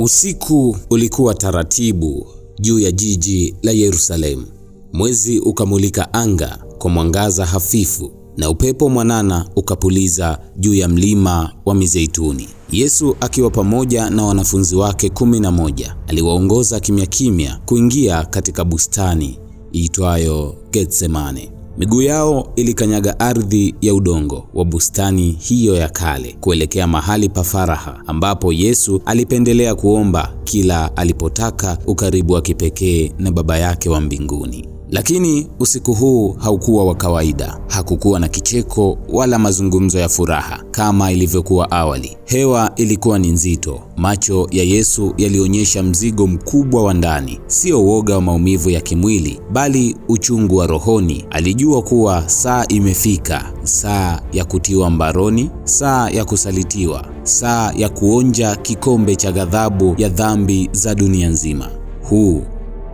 Usiku ulikuwa taratibu juu ya jiji la Yerusalemu. Mwezi ukamulika anga kwa mwangaza hafifu na upepo mwanana ukapuliza juu ya mlima wa Mizeituni. Yesu akiwa pamoja na wanafunzi wake kumi na moja aliwaongoza kimya kimya kuingia katika bustani iitwayo Getsemane. Miguu yao ilikanyaga ardhi ya udongo wa bustani hiyo ya kale kuelekea mahali pa faraha ambapo Yesu alipendelea kuomba kila alipotaka ukaribu wa kipekee na Baba yake wa mbinguni. Lakini usiku huu haukuwa wa kawaida. Hakukuwa na kicheko wala mazungumzo ya furaha kama ilivyokuwa awali. Hewa ilikuwa ni nzito. Macho ya Yesu yalionyesha mzigo mkubwa wa ndani, sio woga wa maumivu ya kimwili, bali uchungu wa rohoni. Alijua kuwa saa imefika, saa ya kutiwa mbaroni, saa ya kusalitiwa, saa ya kuonja kikombe cha ghadhabu ya dhambi za dunia nzima. Huu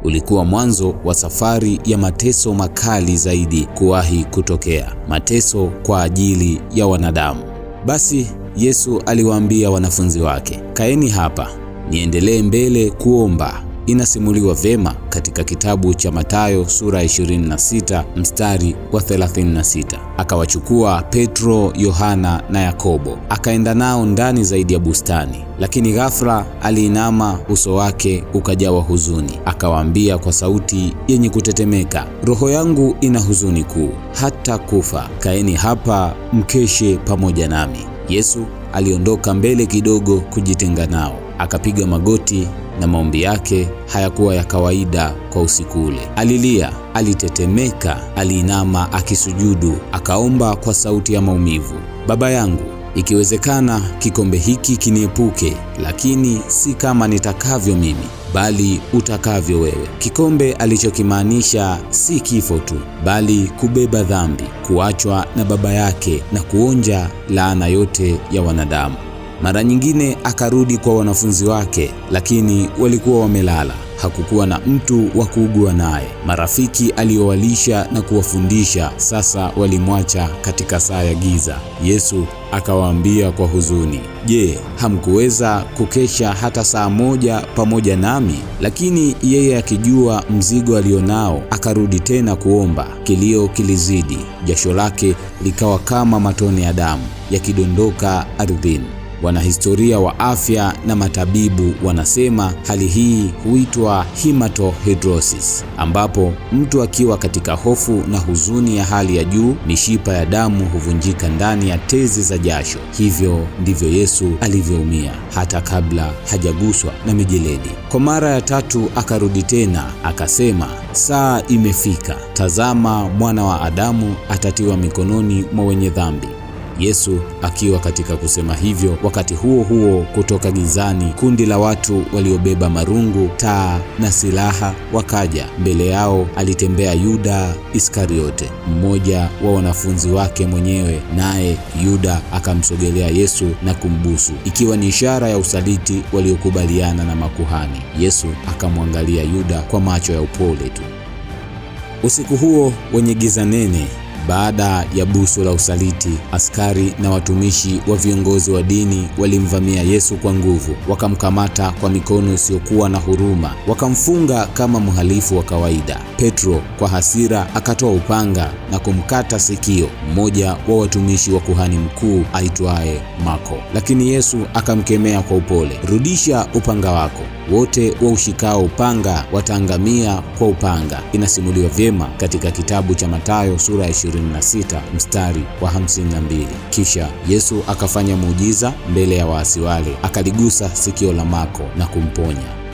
ulikuwa mwanzo wa safari ya mateso makali zaidi kuwahi kutokea, mateso kwa ajili ya wanadamu. Basi Yesu aliwaambia wanafunzi wake, kaeni hapa niendelee mbele kuomba inasimuliwa vema katika kitabu cha Mathayo sura 26 mstari wa 36. Akawachukua Petro, Yohana na Yakobo, akaenda nao ndani zaidi ya bustani, lakini ghafla aliinama, uso wake ukajawa huzuni, akawaambia kwa sauti yenye kutetemeka, roho yangu ina huzuni kuu hata kufa, kaeni hapa mkeshe pamoja nami. Yesu aliondoka mbele kidogo kujitenga nao, akapiga magoti na maombi yake hayakuwa ya kawaida kwa usiku ule. Alilia, alitetemeka, aliinama akisujudu, akaomba kwa sauti ya maumivu, Baba yangu, ikiwezekana kikombe hiki kiniepuke, lakini si kama nitakavyo mimi, bali utakavyo wewe. Kikombe alichokimaanisha si kifo tu, bali kubeba dhambi, kuachwa na baba yake na kuonja laana yote ya wanadamu. Mara nyingine akarudi kwa wanafunzi wake, lakini walikuwa wamelala. Hakukuwa na mtu wa kuugua naye. Marafiki aliowalisha na kuwafundisha sasa walimwacha katika saa ya giza. Yesu akawaambia kwa huzuni, Je, hamkuweza kukesha hata saa moja pamoja nami? Lakini yeye akijua mzigo alionao, akarudi tena kuomba. Kilio kilizidi, jasho lake likawa kama matone ya damu yakidondoka ardhini. Wanahistoria wa afya na matabibu wanasema hali hii huitwa hematohidrosis, ambapo mtu akiwa katika hofu na huzuni ya hali ya juu, mishipa ya damu huvunjika ndani ya tezi za jasho. Hivyo ndivyo Yesu alivyoumia hata kabla hajaguswa na mijeledi. Kwa mara ya tatu akarudi tena akasema, saa imefika, tazama mwana wa Adamu atatiwa mikononi mwa wenye dhambi. Yesu akiwa katika kusema hivyo, wakati huo huo, kutoka gizani kundi la watu waliobeba marungu, taa na silaha wakaja. Mbele yao alitembea Yuda Iskariote, mmoja wa wanafunzi wake mwenyewe, naye Yuda akamsogelea Yesu na kumbusu, ikiwa ni ishara ya usaliti waliokubaliana na makuhani. Yesu akamwangalia Yuda kwa macho ya upole tu. Usiku huo wenye giza nene baada ya busu la usaliti, askari na watumishi wa viongozi wa dini walimvamia Yesu kwa nguvu, wakamkamata kwa mikono isiyokuwa na huruma, wakamfunga kama mhalifu wa kawaida. Petro kwa hasira akatoa upanga na kumkata sikio mmoja wa watumishi wa kuhani mkuu aitwaye Mako, lakini Yesu akamkemea kwa upole, rudisha upanga wako wote waushikao upanga wataangamia kwa upanga. Inasimuliwa vyema katika kitabu cha Mathayo sura ya 26 mstari wa 52. Kisha Yesu akafanya muujiza mbele ya waasi wale, akaligusa sikio la Mako na kumponya.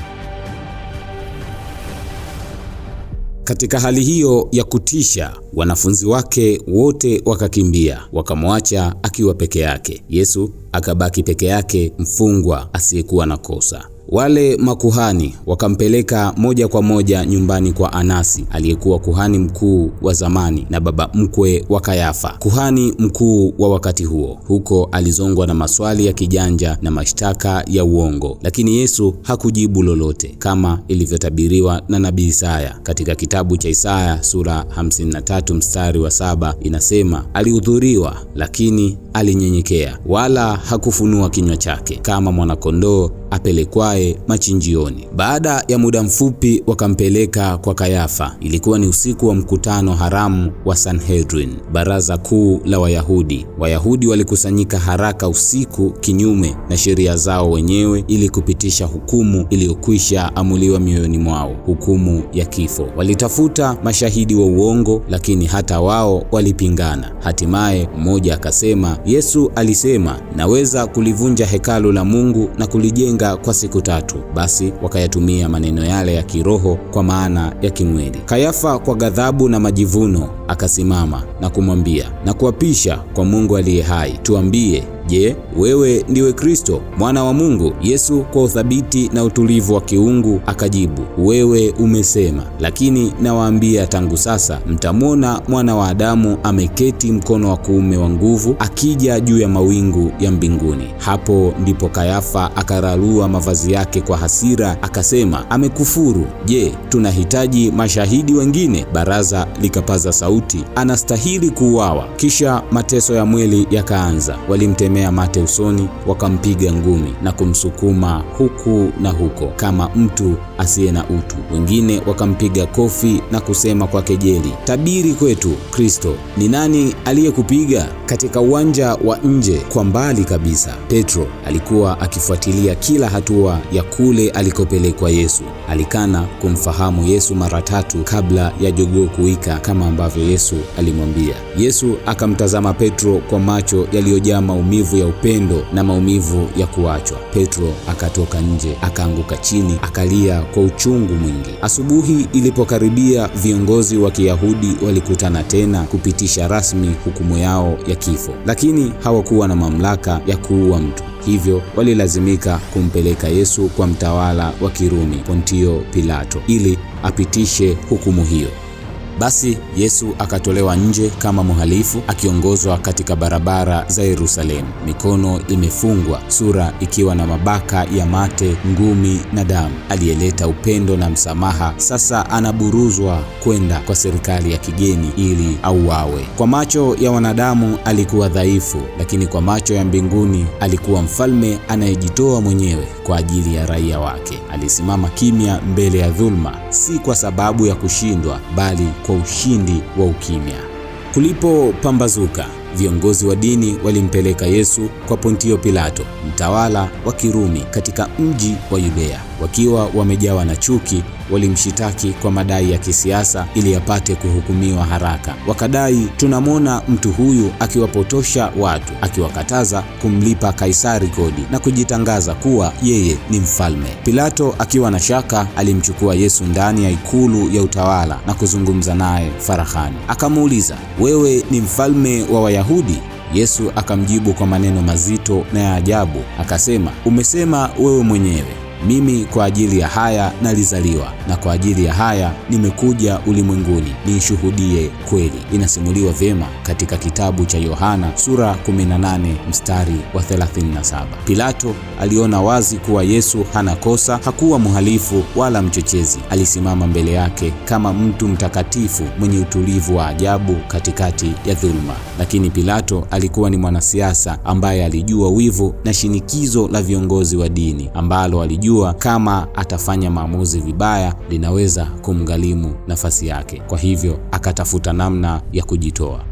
Katika hali hiyo ya kutisha, wanafunzi wake wote wakakimbia, wakamwacha akiwa peke yake. Yesu akabaki peke yake, mfungwa asiyekuwa na kosa. Wale makuhani wakampeleka moja kwa moja nyumbani kwa Anasi aliyekuwa kuhani mkuu wa zamani na baba mkwe wa Kayafa, kuhani mkuu wa wakati huo. Huko alizongwa na maswali ya kijanja na mashtaka ya uongo, lakini Yesu hakujibu lolote kama ilivyotabiriwa na nabii Isaya. Katika kitabu cha Isaya sura 53 mstari wa saba inasema, alihudhuriwa lakini alinyenyekea, wala hakufunua kinywa chake, kama mwanakondoo apelekwaye naye machinjioni. Baada ya muda mfupi wakampeleka kwa Kayafa. Ilikuwa ni usiku wa mkutano haramu wa Sanhedrin, baraza kuu la Wayahudi. Wayahudi walikusanyika haraka usiku kinyume na sheria zao wenyewe ili kupitisha hukumu iliyokwisha amuliwa mioyoni mwao, hukumu ya kifo. Walitafuta mashahidi wa uongo, lakini hata wao walipingana. Hatimaye mmoja akasema, Yesu alisema, naweza kulivunja hekalu la Mungu na kulijenga kwa siku tatu, basi wakayatumia maneno yale ya kiroho kwa maana ya kimwili. Kayafa, kwa ghadhabu na majivuno akasimama na kumwambia, na kuapisha kwa Mungu aliye hai, tuambie, je, wewe ndiwe Kristo mwana wa Mungu? Yesu kwa uthabiti na utulivu wa kiungu akajibu, wewe umesema, lakini nawaambia, tangu sasa mtamwona mwana wa Adamu ameketi mkono wa kuume wa nguvu, akija juu ya mawingu ya mbinguni. Hapo ndipo Kayafa akararua mavazi yake kwa hasira, akasema, amekufuru. Je, tunahitaji mashahidi wengine? Baraza likapaza sauti sauti, anastahili kuuawa. Kisha mateso ya mwili yakaanza, walimtemea mate usoni, wakampiga ngumi na kumsukuma huku na huko kama mtu asiye na utu. Wengine wakampiga kofi na kusema kwa kejeli, tabiri kwetu Kristo, ni nani aliyekupiga? Katika uwanja wa nje kwa mbali kabisa, Petro alikuwa akifuatilia kila hatua ya kule alikopelekwa Yesu. Alikana kumfahamu Yesu mara tatu kabla ya jogoo kuwika kama ambavyo Yesu alimwambia. Yesu akamtazama Petro kwa macho yaliyojaa maumivu ya upendo na maumivu ya kuachwa. Petro akatoka nje, akaanguka chini, akalia kwa uchungu mwingi. Asubuhi ilipokaribia, viongozi wa Kiyahudi walikutana tena kupitisha rasmi hukumu yao ya kifo, lakini hawakuwa na mamlaka ya kuua mtu. Hivyo walilazimika kumpeleka Yesu kwa mtawala wa Kirumi Pontio Pilato ili apitishe hukumu hiyo. Basi Yesu akatolewa nje kama mhalifu akiongozwa katika barabara za Yerusalemu, mikono imefungwa, sura ikiwa na mabaka ya mate, ngumi na damu. Aliyeleta upendo na msamaha sasa anaburuzwa kwenda kwa serikali ya kigeni ili auawe. Kwa macho ya wanadamu alikuwa dhaifu, lakini kwa macho ya mbinguni alikuwa mfalme anayejitoa mwenyewe kwa ajili ya raia wake. Alisimama kimya mbele ya dhuluma, si kwa sababu ya kushindwa, bali kwa ushindi wa ukimya. Kulipopambazuka, viongozi wa dini walimpeleka Yesu kwa Pontio Pilato, mtawala wa Kirumi katika mji wa Yudea wakiwa wamejawa na chuki, walimshitaki kwa madai ya kisiasa ili apate kuhukumiwa haraka. Wakadai tunamwona mtu huyu akiwapotosha watu, akiwakataza kumlipa Kaisari kodi na kujitangaza kuwa yeye ni mfalme. Pilato akiwa na shaka, alimchukua Yesu ndani ya ikulu ya utawala na kuzungumza naye farahani. Akamuuliza, wewe ni mfalme wa Wayahudi? Yesu akamjibu kwa maneno mazito na ya ajabu, akasema, umesema wewe mwenyewe. Mimi kwa ajili ya haya nalizaliwa na kwa ajili ya haya nimekuja ulimwenguni niishuhudie kweli. Inasimuliwa vyema katika kitabu cha Yohana sura 18 mstari wa 37. Pilato aliona wazi kuwa Yesu hana kosa, hakuwa mhalifu wala mchochezi. Alisimama mbele yake kama mtu mtakatifu mwenye utulivu wa ajabu katikati ya dhuluma. Lakini Pilato alikuwa ni mwanasiasa ambaye alijua wivu na shinikizo la viongozi wa dini ambalo alijua kujua kama atafanya maamuzi vibaya linaweza kumgharimu nafasi yake. Kwa hivyo akatafuta namna ya kujitoa.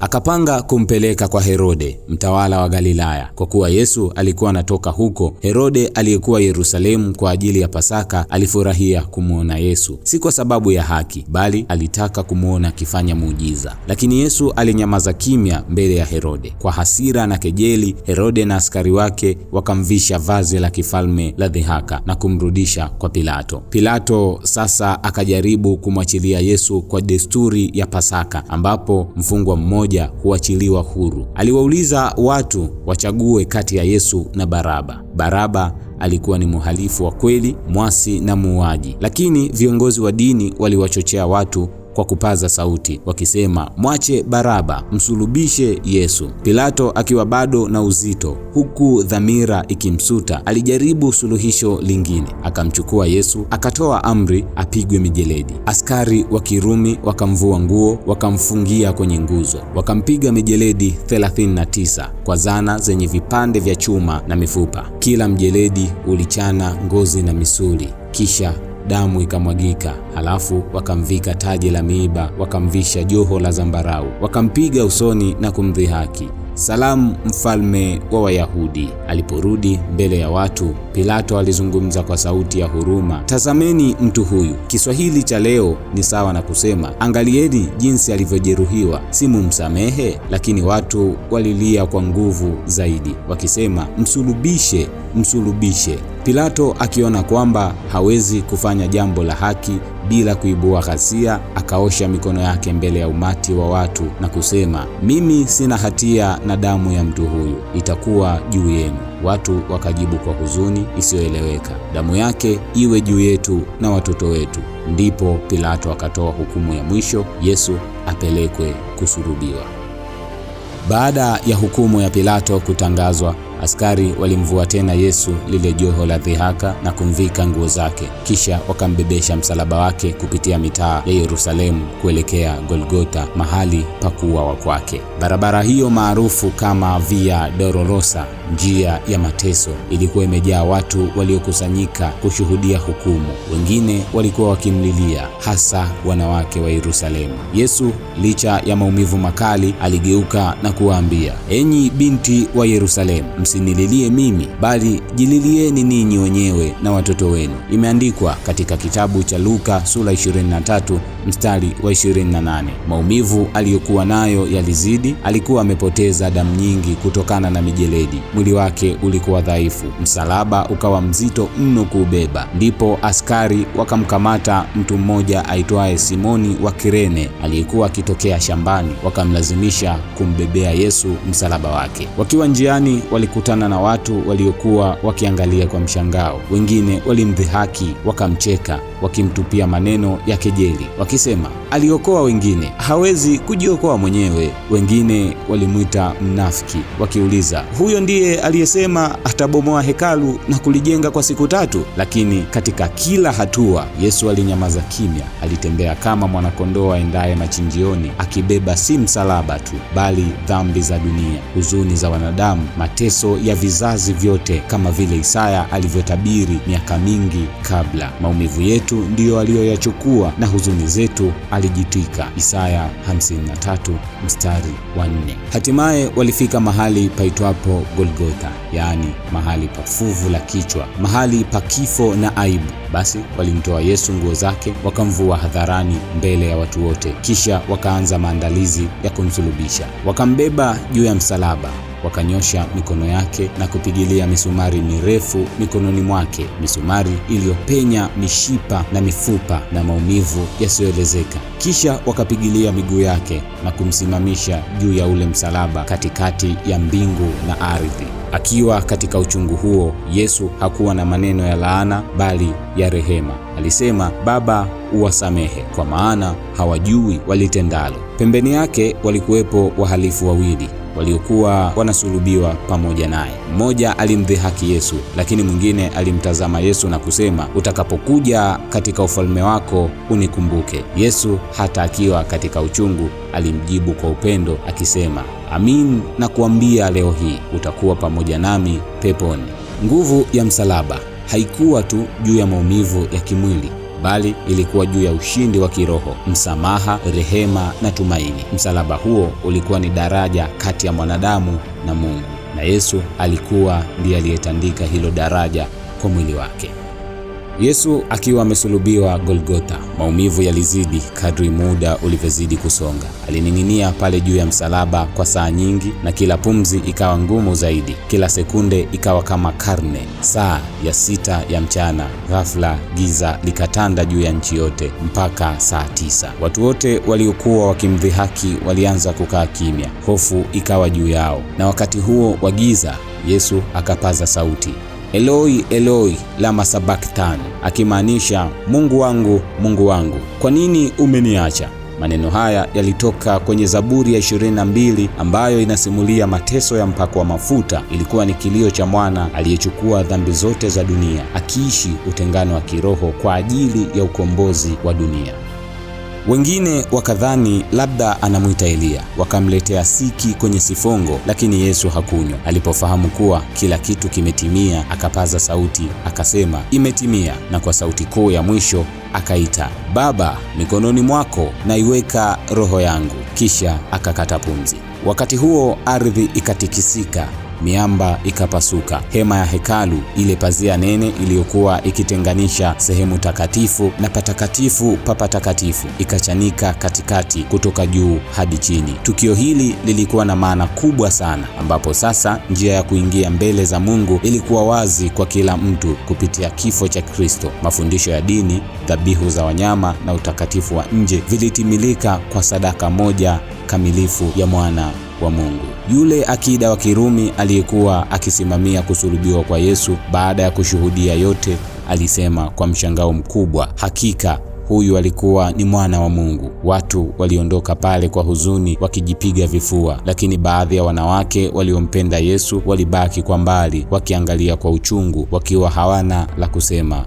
Akapanga kumpeleka kwa Herode, mtawala wa Galilaya, kwa kuwa Yesu alikuwa anatoka huko. Herode aliyekuwa Yerusalemu kwa ajili ya Pasaka alifurahia kumwona Yesu, si kwa sababu ya haki, bali alitaka kumwona akifanya muujiza. Lakini Yesu alinyamaza kimya mbele ya Herode. Kwa hasira na kejeli, Herode na askari wake wakamvisha vazi la kifalme la dhihaka na kumrudisha kwa Pilato. Pilato sasa akajaribu kumwachilia Yesu kwa desturi ya Pasaka, ambapo mfungwa mmoja mmoja huachiliwa huru. Aliwauliza watu wachague kati ya Yesu na Baraba. Baraba alikuwa ni mhalifu wa kweli, mwasi na muuaji, lakini viongozi wa dini waliwachochea watu kwa kupaza sauti wakisema, mwache Baraba, msulubishe Yesu. Pilato akiwa bado na uzito, huku dhamira ikimsuta, alijaribu suluhisho lingine, akamchukua Yesu akatoa amri apigwe mijeledi. Askari wa Kirumi wakamvua nguo, wakamfungia kwenye nguzo, wakampiga mijeledi 39 kwa zana zenye vipande vya chuma na mifupa. Kila mjeledi ulichana ngozi na misuli, kisha damu ikamwagika. Halafu wakamvika taji la miiba, wakamvisha joho la zambarau, wakampiga usoni na kumdhihaki. Salamu mfalme wa Wayahudi. Aliporudi mbele ya watu, Pilato alizungumza kwa sauti ya huruma, tazameni mtu huyu. Kiswahili cha leo ni sawa na kusema, angalieni jinsi alivyojeruhiwa, si mumsamehe? Lakini watu walilia kwa nguvu zaidi, wakisema, msulubishe, msulubishe. Pilato akiona kwamba hawezi kufanya jambo la haki bila kuibua ghasia, akaosha mikono yake mbele ya umati wa watu na kusema, mimi sina hatia na damu ya mtu huyu itakuwa juu yenu. Watu wakajibu kwa huzuni isiyoeleweka, damu yake iwe juu yetu na watoto wetu. Ndipo Pilato akatoa hukumu ya mwisho, Yesu apelekwe kusulubiwa. Baada ya hukumu ya Pilato kutangazwa Askari walimvua tena Yesu lile joho la dhihaka na kumvika nguo zake, kisha wakambebesha msalaba wake kupitia mitaa ya Yerusalemu kuelekea Golgota, mahali pa kuuawa kwake. Barabara hiyo maarufu kama Via Dolorosa, njia ya mateso, ilikuwa imejaa watu waliokusanyika kushuhudia hukumu. Wengine walikuwa wakimlilia, hasa wanawake wa Yerusalemu. Yesu, licha ya maumivu makali, aligeuka na kuwaambia, enyi binti wa Yerusalemu, msinililie mimi, bali jililieni ninyi wenyewe na watoto wenu. Imeandikwa katika kitabu cha Luka sura 23 mstari wa 28. Maumivu aliyokuwa nayo yalizidi, alikuwa amepoteza damu nyingi kutokana na mijeledi. Mwili wake ulikuwa dhaifu, msalaba ukawa mzito mno kuubeba. Ndipo askari wakamkamata mtu mmoja aitwaye Simoni wa Kirene aliyekuwa akitokea shambani, wakamlazimisha kumbebea Yesu msalaba wake. Wakiwa njiani wali alikutana na watu waliokuwa wakiangalia kwa mshangao. Wengine walimdhihaki, wakamcheka, wakimtupia maneno ya kejeli, wakisema aliokoa wengine, hawezi kujiokoa mwenyewe. Wengine walimwita mnafiki, wakiuliza huyo ndiye aliyesema atabomoa hekalu na kulijenga kwa siku tatu? Lakini katika kila hatua Yesu alinyamaza kimya. Alitembea kama mwanakondoo aendaye machinjioni, akibeba si msalaba tu, bali dhambi za dunia, huzuni za wanadamu, mateso mateso ya vizazi vyote, kama vile Isaya alivyotabiri miaka mingi kabla. Maumivu yetu ndiyo aliyoyachukua na huzuni zetu alijitwika, Isaya 53 mstari wa 4. Hatimaye walifika mahali paitwapo Golgotha, yaani mahali pa fuvu la kichwa, mahali pa kifo na aibu. Basi walimtoa Yesu nguo zake, wakamvua hadharani mbele ya watu wote, kisha wakaanza maandalizi ya kumsulubisha. Wakambeba juu ya msalaba wakanyosha mikono yake na kupigilia misumari mirefu mikononi mwake, misumari iliyopenya mishipa na mifupa na maumivu yasiyoelezeka. Kisha wakapigilia miguu yake na kumsimamisha juu ya ule msalaba katikati ya mbingu na ardhi. Akiwa katika uchungu huo, Yesu hakuwa na maneno ya laana bali ya rehema. Alisema, Baba, uwasamehe kwa maana hawajui walitendalo. Pembeni yake walikuwepo wahalifu wawili waliokuwa wanasulubiwa pamoja naye. Mmoja alimdhihaki Yesu, lakini mwingine alimtazama Yesu na kusema, utakapokuja katika ufalme wako unikumbuke. Yesu hata akiwa katika uchungu alimjibu kwa upendo akisema, amin, nakuambia leo hii utakuwa pamoja nami peponi. Nguvu ya msalaba haikuwa tu juu ya maumivu ya kimwili bali ilikuwa juu ya ushindi wa kiroho, msamaha, rehema na tumaini. Msalaba huo ulikuwa ni daraja kati ya mwanadamu na Mungu, na Yesu alikuwa ndiye aliyetandika hilo daraja kwa mwili wake. Yesu akiwa amesulubiwa Golgotha, maumivu yalizidi kadri muda ulivyozidi kusonga. Alining'inia pale juu ya msalaba kwa saa nyingi, na kila pumzi ikawa ngumu zaidi, kila sekunde ikawa kama karne. Saa ya sita ya mchana, ghafla giza likatanda juu ya nchi yote mpaka saa tisa. Watu wote waliokuwa wakimdhihaki walianza kukaa kimya, hofu ikawa juu yao, na wakati huo wa giza Yesu akapaza sauti Eloi Eloi lama sabaktani, akimaanisha Mungu wangu, Mungu wangu, kwa nini umeniacha? Maneno haya yalitoka kwenye Zaburi ya 22 ambayo inasimulia mateso ya mpako wa mafuta. Ilikuwa ni kilio cha mwana aliyechukua dhambi zote za dunia, akiishi utengano wa kiroho kwa ajili ya ukombozi wa dunia. Wengine wakadhani labda anamwita Eliya, wakamletea siki kwenye sifongo, lakini Yesu hakunywa. Alipofahamu kuwa kila kitu kimetimia, akapaza sauti akasema, imetimia, na kwa sauti kuu ya mwisho akaita, Baba, mikononi mwako naiweka roho yangu. Kisha akakata pumzi. Wakati huo ardhi ikatikisika miamba ikapasuka, hema ya hekalu, ile pazia nene iliyokuwa ikitenganisha sehemu takatifu na patakatifu pa patakatifu, ikachanika katikati kutoka juu hadi chini. Tukio hili lilikuwa na maana kubwa sana, ambapo sasa njia ya kuingia mbele za Mungu ilikuwa wazi kwa kila mtu kupitia kifo cha Kristo. Mafundisho ya dini, dhabihu za wanyama na utakatifu wa nje vilitimilika kwa sadaka moja kamilifu ya mwana kwa Mungu. Yule akida wa Kirumi aliyekuwa akisimamia kusulubiwa kwa Yesu baada ya kushuhudia yote, alisema kwa mshangao mkubwa, hakika huyu alikuwa ni mwana wa Mungu. Watu waliondoka pale kwa huzuni wakijipiga vifua, lakini baadhi ya wanawake waliompenda Yesu walibaki kwa mbali wakiangalia kwa uchungu, wakiwa hawana la kusema.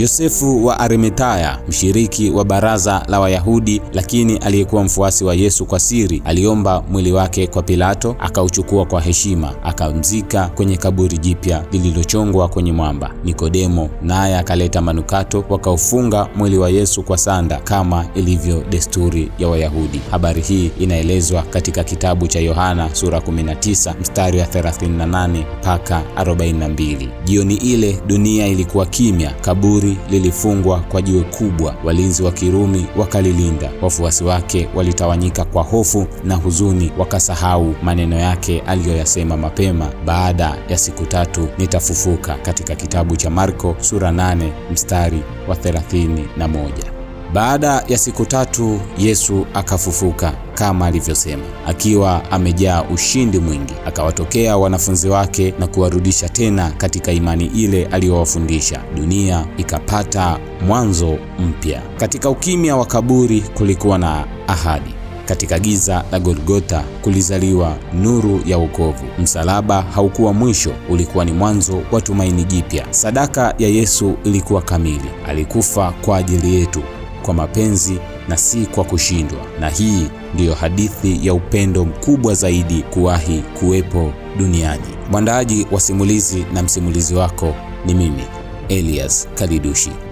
Yosefu wa arimetaya mshiriki wa baraza la Wayahudi lakini aliyekuwa mfuasi wa Yesu kwa siri, aliomba mwili wake kwa Pilato, akauchukua kwa heshima, akamzika kwenye kaburi jipya lililochongwa kwenye mwamba. Nikodemo naye akaleta manukato, wakaufunga mwili wa Yesu kwa sanda kama ilivyo desturi ya Wayahudi. Habari hii inaelezwa katika kitabu cha Yohana sura 19 mstari wa 38 mpaka 42. Jioni ile dunia ilikuwa kimya, kaburi Kirumi lilifungwa kwa jiwe kubwa, walinzi wa Kirumi wakalilinda. Wafuasi wake walitawanyika kwa hofu na huzuni, wakasahau maneno yake aliyoyasema mapema, baada ya siku tatu nitafufuka, katika kitabu cha Marko sura 8 mstari wa 31. Baada ya siku tatu Yesu akafufuka kama alivyosema, akiwa amejaa ushindi mwingi. Akawatokea wanafunzi wake na kuwarudisha tena katika imani ile aliyowafundisha. Dunia ikapata mwanzo mpya. Katika ukimya wa kaburi kulikuwa na ahadi. Katika giza la Golgotha kulizaliwa nuru ya wokovu. Msalaba haukuwa mwisho, ulikuwa ni mwanzo wa tumaini jipya. Sadaka ya Yesu ilikuwa kamili, alikufa kwa ajili yetu kwa mapenzi na si kwa kushindwa. Na hii ndiyo hadithi ya upendo mkubwa zaidi kuwahi kuwepo duniani. Mwandaaji wa simulizi na msimulizi wako ni mimi Elias Kalidushi.